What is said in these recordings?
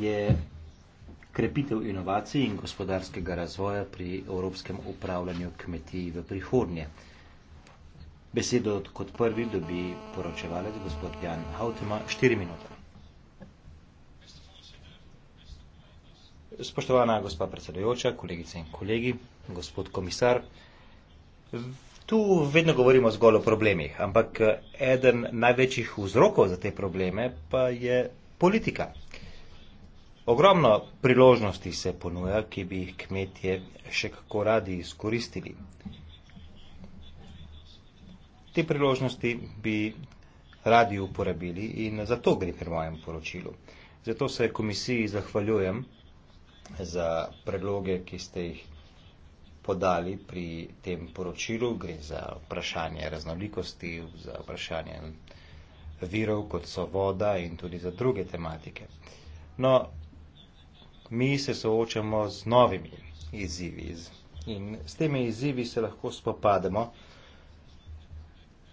je krepitev inovacij in gospodarskega razvoja pri evropskem upravljanju kmetij v prihodnje. Besedo kot prvi dobi poročevalec gospod Jan Hautema, štiri minute. Spoštovana gospa predsedujoča, kolegice in kolegi, gospod komisar, tu vedno govorimo zgolj o problemih, ampak eh, eden največjih vzrokov za te probleme pa je politika, Ogromno priložnosti se ponuja, ki bi jih kmetje še kako radi izkoristili. Te priložnosti bi radi uporabili in zato gre pri mojem poročilu. Zato se komisiji zahvaljujem za predloge, ki ste jih podali pri tem poročilu. Gre za vprašanje raznolikosti, za vprašanje virov, kot so voda in tudi za druge tematike. No, mi se soočamo z novimi izzivi. In s temi izzivi se lahko spopademo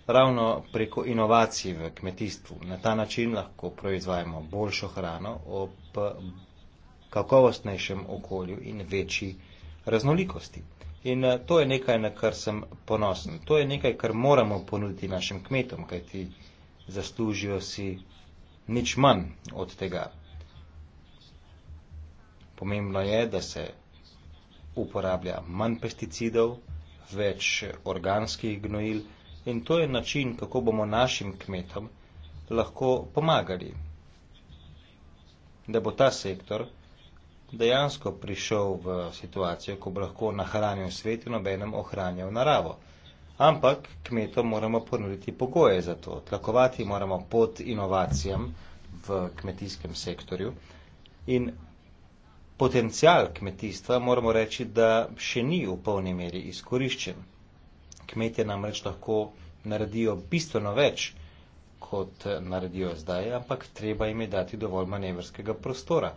ravno preko inovacij v kmetijstvu. Na ta način lahko proizvajamo boljšo hrano ob kakovostnejšem okolju in večji raznolikosti. In eh, to je nekaj, na kar sem ponosen. To je nekaj, kar moramo ponuditi našim kmetom, kajti zaslužijo si nič manj od tega. Pomembno je, da se uporablja manj pesticidov, več organskih gnojil in to je način, kako bomo našim kmetom lahko pomagali, da bo ta sektor dejansko prišel v situacijo, ko bo lahko nahranil svet in obenem ohranjal naravo. Ampak kmetom moramo ponuditi pogoje za to, tlakovati moramo pod inovacijam v kmetijskem sektorju in Potencijal kmetijstva moramo reči, da še ni v polni meri izkoriščen. Kmetje namreč lahko naredijo bistveno več, kot naredijo zdaj, ampak treba jim je dati dovolj manevrskega prostora.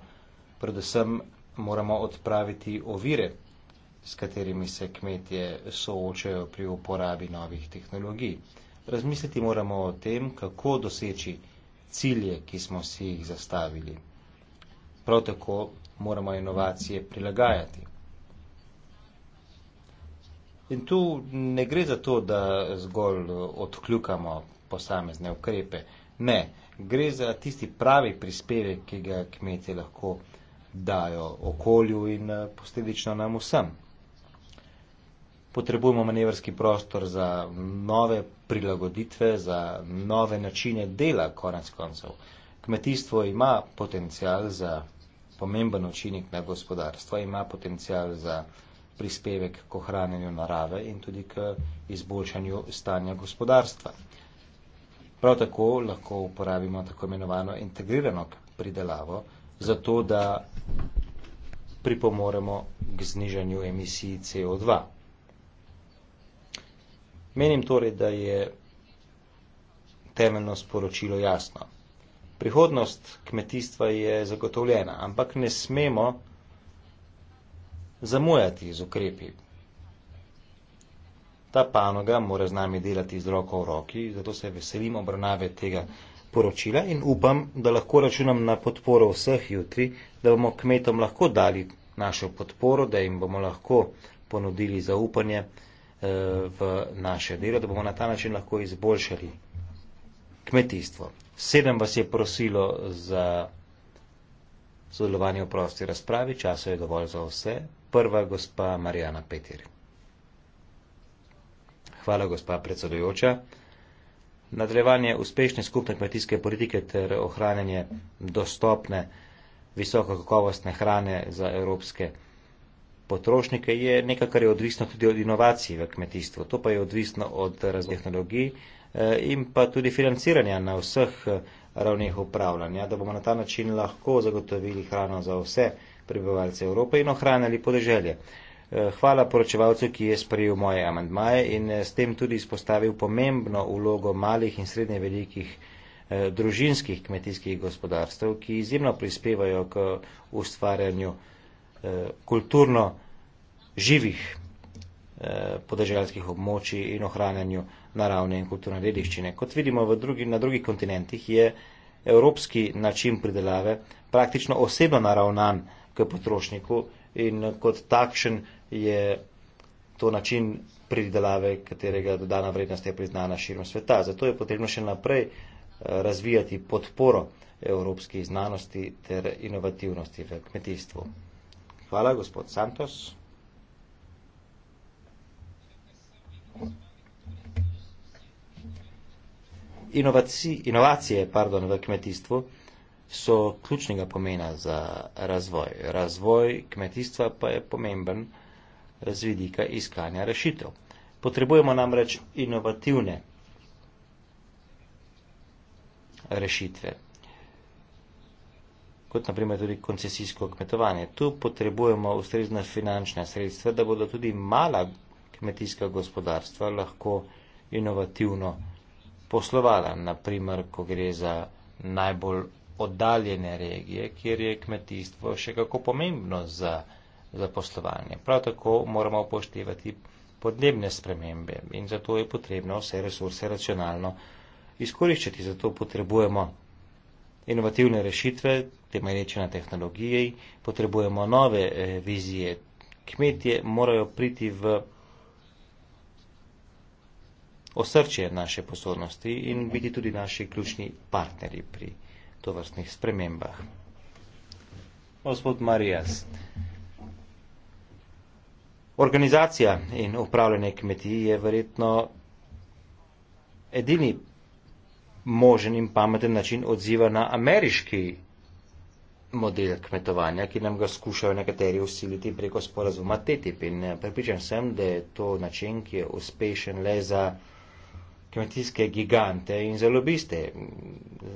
Predvsem moramo odpraviti ovire, s katerimi se kmetje soočajo pri uporabi novih tehnologij. Razmisliti moramo o tem, kako doseči cilje, ki smo si jih zastavili. Prav tako moramo inovacije prilagajati. In tu ne gre za to, da zgolj odkljukamo posamezne ukrepe. Ne, gre za tisti pravi prispevek, ki ga kmetje lahko dajo okolju in eh, posledično nam vsem. Potrebujemo manevrski prostor za nove prilagoditve, za nove načine dela, konec koncev. Kmetijstvo ima potencial za pomemben učinek na gospodarstvo, ima potencial za prispevek k ohranjanju narave in tudi k izboljšanju stanja gospodarstva. Prav tako lahko uporabimo tako imenovano integrirano pridelavo, zato da pripomoremo k znižanju emisij CO2. Menim torej, da je temeljno sporočilo jasno prihodnost kmetijstva je zagotovljena, ampak ne smemo zamujati z ukrepi. Ta panoga mora z nami delati z roko v roki, zato se veselim obravnave tega poročila in upam, da lahko računam na podporo vseh jutri, da bomo kmetom lahko dali našo podporo, da jim bomo lahko ponudili zaupanje eh, v naše delo, da bomo na ta način lahko izboljšali kmetijstvo. Sedem vas je prosilo za sodelovanje v prosti razpravi, časa je dovolj za vse. Prva gospa Marijana Petir. Hvala, gospa predsedujoča. Nadaljevanje uspešne skupne kmetijske politike ter ohranjanje dostopne visokokakovostne hrane za evropske potrošnike je nekaj, kar je odvisno tudi od inovacij v kmetijstvu. To pa je odvisno od razvoja tehnologij. Eh, in pa tudi financiranja na vseh eh, ravneh upravljanja, da bomo na ta način lahko zagotovili hrano za vse prebivalce Evrope in ohranili podeželje. Eh, hvala poročevalcu, ki je sprejel moje amandmaje in s tem tudi izpostavil pomembno vlogo malih in srednje velikih družinskih kmetijskih gospodarstv, ki izjemno prispevajo k ustvarjanju kulturno živih Eh, podeželskih območij in ohranjanju naravne in kulturne dediščine. Kot vidimo drugi, na drugih kontinentih, je evropski način pridelave praktično oseba naravnan k potrošniku in kot takšen je to način pridelave, katerega dodana vrednost je priznana širom sveta. Zato je potrebno še naprej eh, razvijati podporo evropskih znanosti ter inovativnosti v kmetijstvu. Hvala, gospod Santos. Inovaci, inovacije pardon, v kmetijstvu so ključnega pomena za razvoj. Razvoj kmetijstva pa je pomemben z vidika iskanja rešitev. Potrebujemo namreč inovativne rešitve, kot naprimer tudi koncesijsko kmetovanje. Tu potrebujemo ustrezna finančna sredstva, da bodo tudi mala kmetijska gospodarstva lahko inovativno poslovala, naprimer, ko gre za najbolj oddaljene regije, kjer je kmetijstvo še kako pomembno za, za poslovanje. Prav tako moramo upoštevati podnebne spremembe in zato je potrebno vse resurse racionalno izkoriščati. Zato potrebujemo inovativne rešitve, temelječe na tehnologiji, potrebujemo nove eh, vizije. Kmetje morajo priti v osrčje naše pozornosti in biti tudi naši ključni partnerji pri tovrstnih spremembah. Gospod Marijas, organizacija in upravljanje kmetij je verjetno edini možen in pameten način odziva na ameriški model kmetovanja, ki nam ga skušajo nekateri usiliti preko sporazuma TTIP. In eh, pripričan sem, da je to način, ki je uspešen le za kmetijske gigante in zelobiste.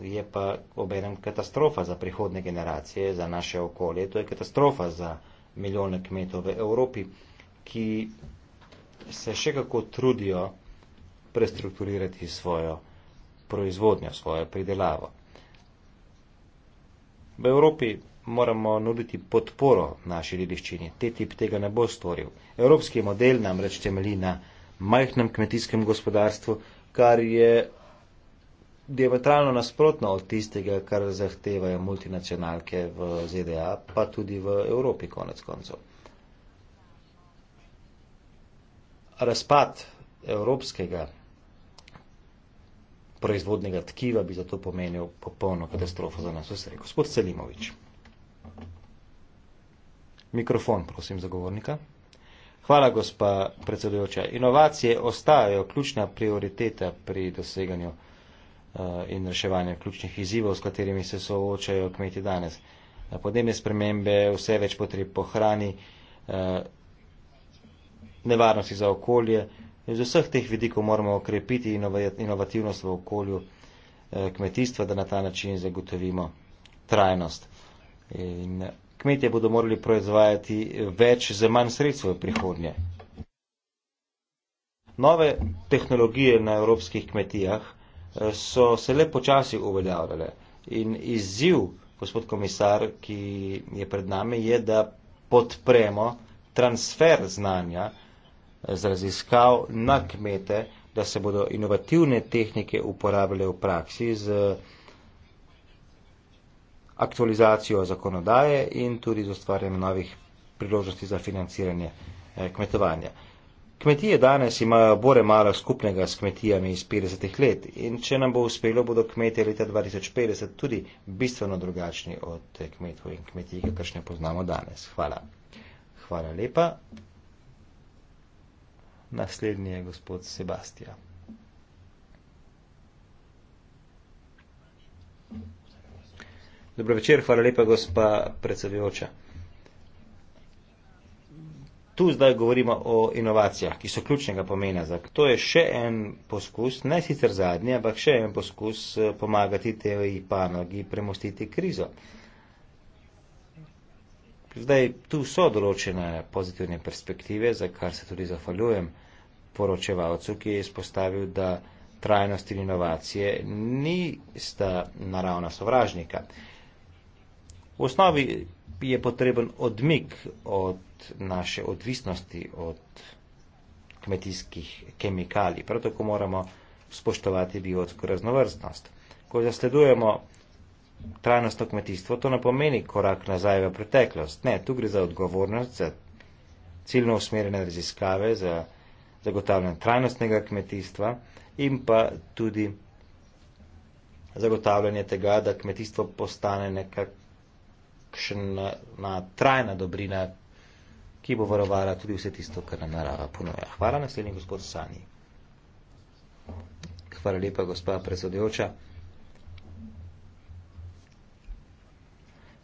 Je pa obenem katastrofa za prihodne generacije, za naše okolje. To je katastrofa za milijone kmetov v Evropi, ki se še kako trudijo prestrukturirati svojo proizvodnjo, svojo pridelavo. V Evropi moramo nuditi podporo naši ribiščini. Te tip tega ne bo storil. Evropski model namreč temelji na majhnem kmetijskem gospodarstvu, kar je diametralno nasprotno od tistega, kar zahtevajo multinacionalke v ZDA, pa tudi v Evropi konec koncev. Razpad evropskega proizvodnega tkiva bi zato pomenil popolno katastrofo za nas vse. Gospod Selimovič. Mikrofon, prosim, zagovornika. Hvala, gospa predsedujoča. Inovacije ostajajo ključna prioriteta pri doseganju eh, in reševanju ključnih izzivov, s katerimi se soočajo kmeti danes. Podnebne spremembe, vse več potreb po hrani, eh, nevarnosti za okolje. Z vseh teh vidikov moramo okrepiti inovativnost v okolju eh, kmetijstva, da na ta način zagotovimo trajnost. In kmetje bodo morali proizvajati več za manj sredstvo v prihodnje. Nove tehnologije na evropskih kmetijah eh, so se le počasi uveljavljale in izziv, gospod komisar, ki je pred nami, je, da podpremo transfer znanja eh, z raziskav na kmete, da se bodo inovativne tehnike uporabljale v praksi z aktualizacijo zakonodaje in tudi z ustvarjanjem novih priložnosti za financiranje eh, kmetovanja. Kmetije danes imajo bore malo skupnega s kmetijami iz 50-ih let in če nam bo uspelo, bodo kmetije leta 2050 tudi bistveno drugačni od eh, kmetov in kmetij, kakršne poznamo danes. Hvala. Hvala lepa. Naslednji je gospod Sebastija. Thank you. Dobro večer, hvala lepa, gospa predsedujoča. Tu zdaj govorimo o inovacijah, ki so ključnega pomena. To je še en poskus, ne sicer zadnji, ampak še en poskus eh, pomagati tej panogi premostiti krizo. Zdaj, tu so določene pozitivne perspektive, za kar se tudi zahvaljujem poročevalcu, ki je izpostavil, da trajnost in inovacije nista naravna sovražnika. V osnovi je potreben odmik od naše odvisnosti od kmetijskih kemikalij. Prav tako moramo spoštovati biotsko raznovrstnost. Ko zasledujemo trajnostno kmetijstvo, to ne pomeni korak nazaj v preteklost. Ne, tu gre za odgovornost, za ciljno usmerjene raziskave, za zagotavljanje trajnostnega kmetijstva in pa tudi zagotavljanje tega, da kmetijstvo postane nekako kakšna na trajna dobrina, ki bo varovala tudi vse tisto, kar nam narava ponuja. Hvala naslednji gospod Sani. Hvala lepa, gospa predsedujoča.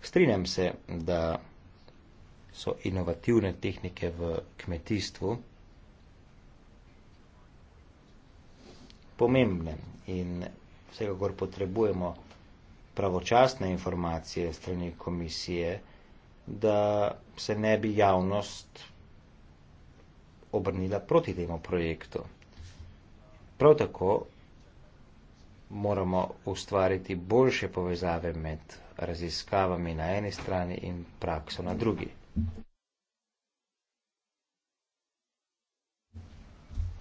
Strinjam se, da so inovativne tehnike v kmetijstvu pomembne in vsekakor potrebujemo pravočasne informacije strani komisije, da se ne bi javnost obrnila proti temu projektu. Prav tako moramo ustvariti boljše povezave med raziskavami na eni strani in prakso na drugi.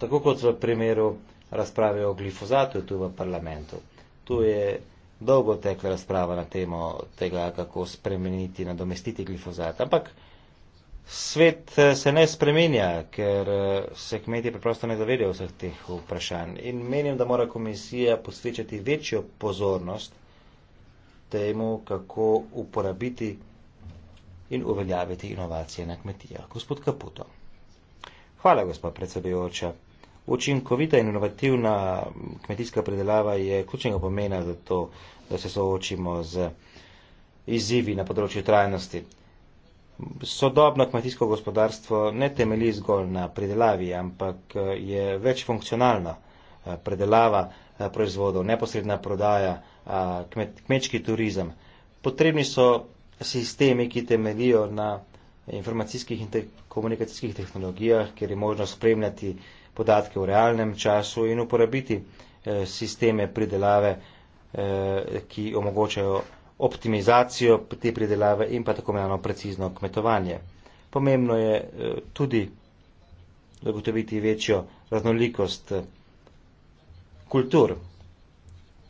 Tako kot v primeru razprave o glifozatu tu v parlamentu. Tu je dolgo tekla razprava na temo tega, kako spremeniti, nadomestiti glifozat. Ampak svet eh, se ne spremenja, ker eh, se kmetje preprosto ne zavedajo vseh teh vprašanj. In menim, da mora komisija posvečati večjo pozornost temu, kako uporabiti in uveljaviti inovacije na kmetijah. Gospod Kaputo. Hvala, gospod predsedujoča. Učinkovita in inovativna kmetijska predelava je ključnega pomena za to, da se soočimo z izzivi na področju trajnosti. Sodobno kmetijsko gospodarstvo ne temelji zgolj na predelavi, ampak e, je večfunkcionalna e, predelava e, proizvodov, neposredna prodaja, kmet, kmečki turizem. Potrebni so sistemi, ki temelijo na informacijskih in te komunikacijskih tehnologijah, kjer je možno spremljati podatke v realnem času in uporabiti eh, sisteme pridelave, eh, ki omogočajo optimizacijo te pridelave in pa tako imenovano precizno kmetovanje. Pomembno je eh, tudi zagotoviti večjo raznolikost eh, kultur.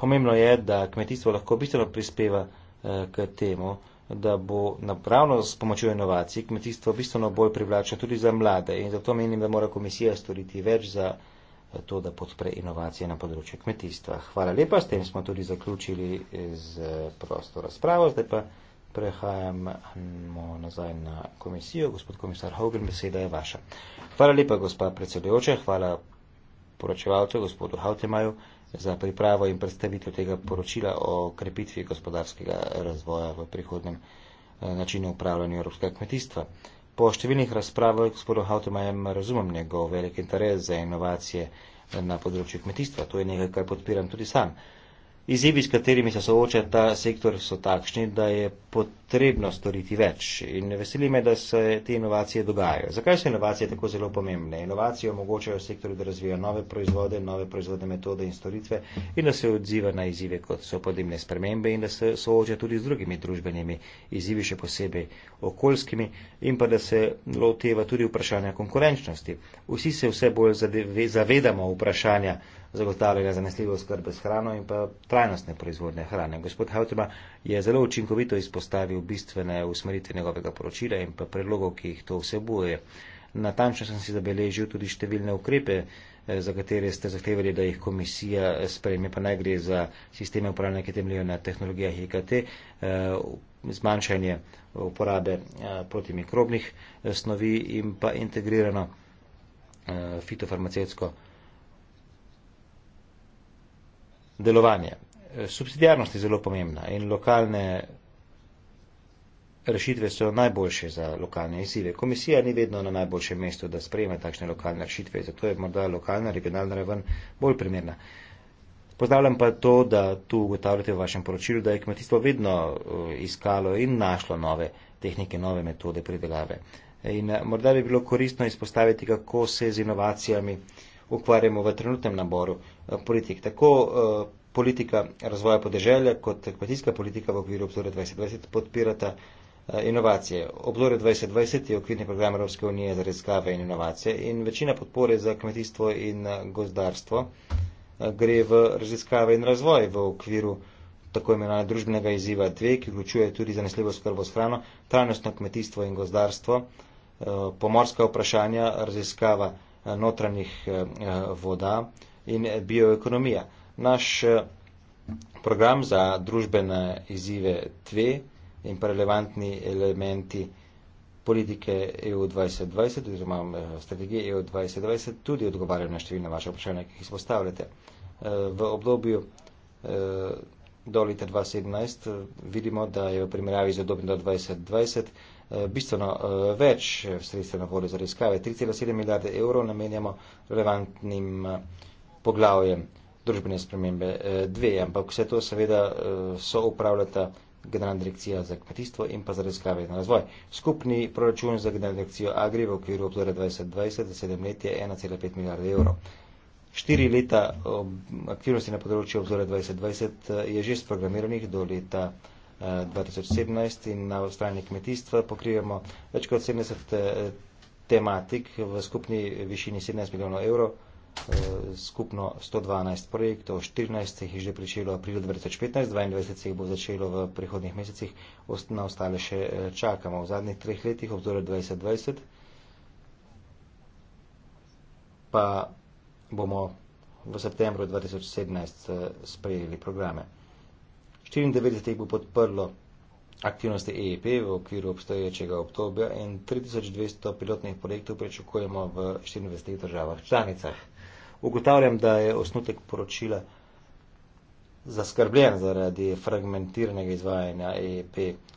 Pomembno je, da kmetijstvo lahko bistveno prispeva eh, k temu, da bo napravno s pomočjo inovacij kmetijstvo bistveno bolj privlačno tudi za mlade. In zato menim, da mora komisija storiti več za eh, to, da podpre inovacije na področju kmetijstva. Hvala lepa, s tem smo tudi zaključili eh, z eh, prosto razpravo. Zdaj pa prehajamo hm, nazaj na komisijo. Gospod komisar Hogan, beseda je vaša. Hvala lepa, gospa predsedujoča, hvala poročevalcu gospodu Haltemaju za pripravo in predstavitev tega poročila o krepitvi gospodarskega razvoja v prihodnem eh, načinu upravljanja evropskega kmetijstva. Po številnih razpravah s gospodom Haltemajem razumem njegov velik interes za inovacije eh, na področju kmetijstva. To je nekaj, kar podpiram tudi sam. Izzivi, s katerimi se sooča ta sektor, so takšni, da je potrebno storiti več in veseli me, da se te inovacije dogajajo. Zakaj so inovacije tako zelo pomembne? Inovacije omogočajo sektorju, da razvija nove proizvode, nove proizvodne metode in storitve in da se odziva na izzive, kot so podnebne spremembe in da se sooča tudi z drugimi družbenimi izzivi, še posebej okoljskimi in pa da se loteva tudi vprašanja konkurenčnosti. Vsi se vse bolj zavedamo vprašanja zagotavljanja zanesljive oskrbe s hrano in pa trajnostne proizvodne hrane. Gospod Hautema je zelo učinkovito izpostavil bistvene usmeritve njegovega poročila in pa predlogov, ki jih to vsebuje. Natančno sem si zabeležil tudi številne ukrepe, eh, za katere ste zahtevali, da jih komisija eh, sprejme, pa naj gre za sisteme upravljanja, ki temeljijo na tehnologijah IKT, eh, zmanjšanje uporabe protimikrobnih snovi in pa integrirano fitofarmacevsko. delovanje. Eh, Subsidijarnost je zelo pomembna in lokalne rešitve so najboljše za lokalne izzive. Komisija ni vedno na najboljšem mestu, da sprejme takšne lokalne rešitve, zato je morda lokalna, regionalna raven bolj primerna. Pozdravljam pa to, da tu ugotavljate v vašem poročilu, da je kmetijstvo vedno eh, iskalo in našlo nove tehnike, nove metode pridelave. In eh, morda bi bilo koristno izpostaviti, kako se z inovacijami uh, ukvarjamo v trenutnem naboru eh, politik. Tako eh, politika razvoja podeželja kot kmetijska politika v okviru obzore 2020 podpirata eh, inovacije. Obzore 2020 je okvirni program Evropske unije za raziskave in inovacije in večina podpore za kmetijstvo in gozdarstvo gre v raziskave in razvoj v okviru tako imenovanega družbenega izziva 2, ki vključuje tudi zanesljivo skrbo s hrano, trajnostno kmetijstvo in gozdarstvo, pomorska vprašanja, raziskava Eh, notranjih eh, voda in bioekonomija. Naš eh, program za družbene izzive TVE in pa relevantni elementi politike EU 2020 oziroma strategije EU 2020 tudi odgovarjajo na številne vaše vprašanja, ki jih izpostavljate. V obdobju do leta 2017 vidimo, da je v primerjavi z obdobjem do 2020 Eh, bistveno eh, več eh, sredstev na voljo za raziskave. 3,7 milijarde evrov namenjamo relevantnim poglavjem družbene spremembe dve, ampak vse to seveda so upravljata generalna direkcija za kmetijstvo in pa za raziskave in razvoj. Skupni proračun za generalno direkcijo Agri v okviru obzora 2020 za sedem let je 1,5 milijarde evrov. Štiri leta aktivnosti na področju obzora 2020 je že sprogramiranih do leta 2020. 2017 in na ustvarjanje kmetijstva pokrivamo več kot 70 eh, tematik v skupni višini 17 milijonov evrov, eh, skupno 112 projektov, 14 jih je že pričelo v aprilu 2015, 22 jih bo začelo v prihodnih mesecih, na ostale še eh, čakamo. V zadnjih treh letih obzore 2020 pa bomo v septembru 2017 sprejeli programe. 94 jih bo podprlo aktivnosti EEP v okviru obstoječega obdobja in 3200 pilotnih projektov pričakujemo v 24 državah članicah. Ugotavljam, da je osnutek poročila zaskrbljen zaradi fragmentiranega izvajanja EEP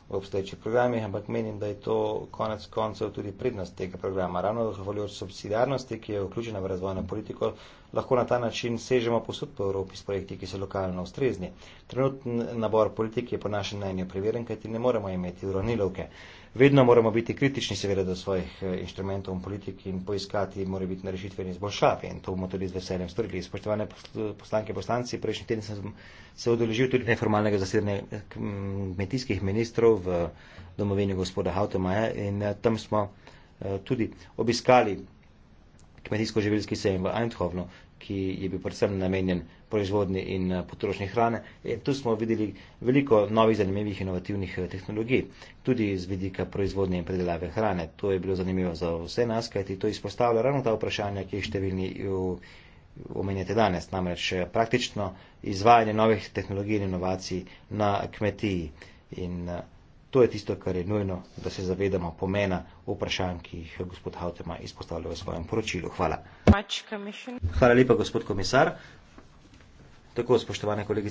v obstoječih programih, ampak menim, da je to konec koncev tudi prednost tega programa. Ravno zahvaljujoč subsidiarnosti, ki je vključena v razvojno politiko, lahko na ta način sežemo posod po Evropi s projekti, ki so lokalno ustrezni. Trenutni nabor politik je po našem najnje priveren, kajti ne moremo imeti uravnilovke. Mm. Vedno moramo biti kritični seveda do svojih eh, inštrumentov in politik in poiskati mora biti na rešitve in izboljšave in to bomo tudi z veseljem storili. Spoštovane poslanke in poslanci, prejšnji teden sem se odeležil tudi neformalnega zasedanja hm, kmetijskih ministrov v domovini gospoda Hautemaja in eh, tam smo eh, tudi obiskali kmetijsko-živilski sejem v Eindhovnu ki je bil predvsem namenjen proizvodni in eh, potrošni hrane. In tu smo videli veliko novih zanimivih inovativnih eh, tehnologij, tudi z vidika proizvodnje in predelave hrane. To je bilo zanimivo za vse nas, kajti to izpostavlja ravno ta vprašanja, ki jih številni eh, omenjate danes, namreč praktično izvajanje novih tehnologij in inovacij na kmetiji. In, uh, To je tisto, kar je nujno, da se zavedamo pomena vprašanj, ki jih gospod Hautema izpostavlja v svojem poročilu. Hvala. Hvala lepa, gospod komisar. Tako, spoštovane kolegice.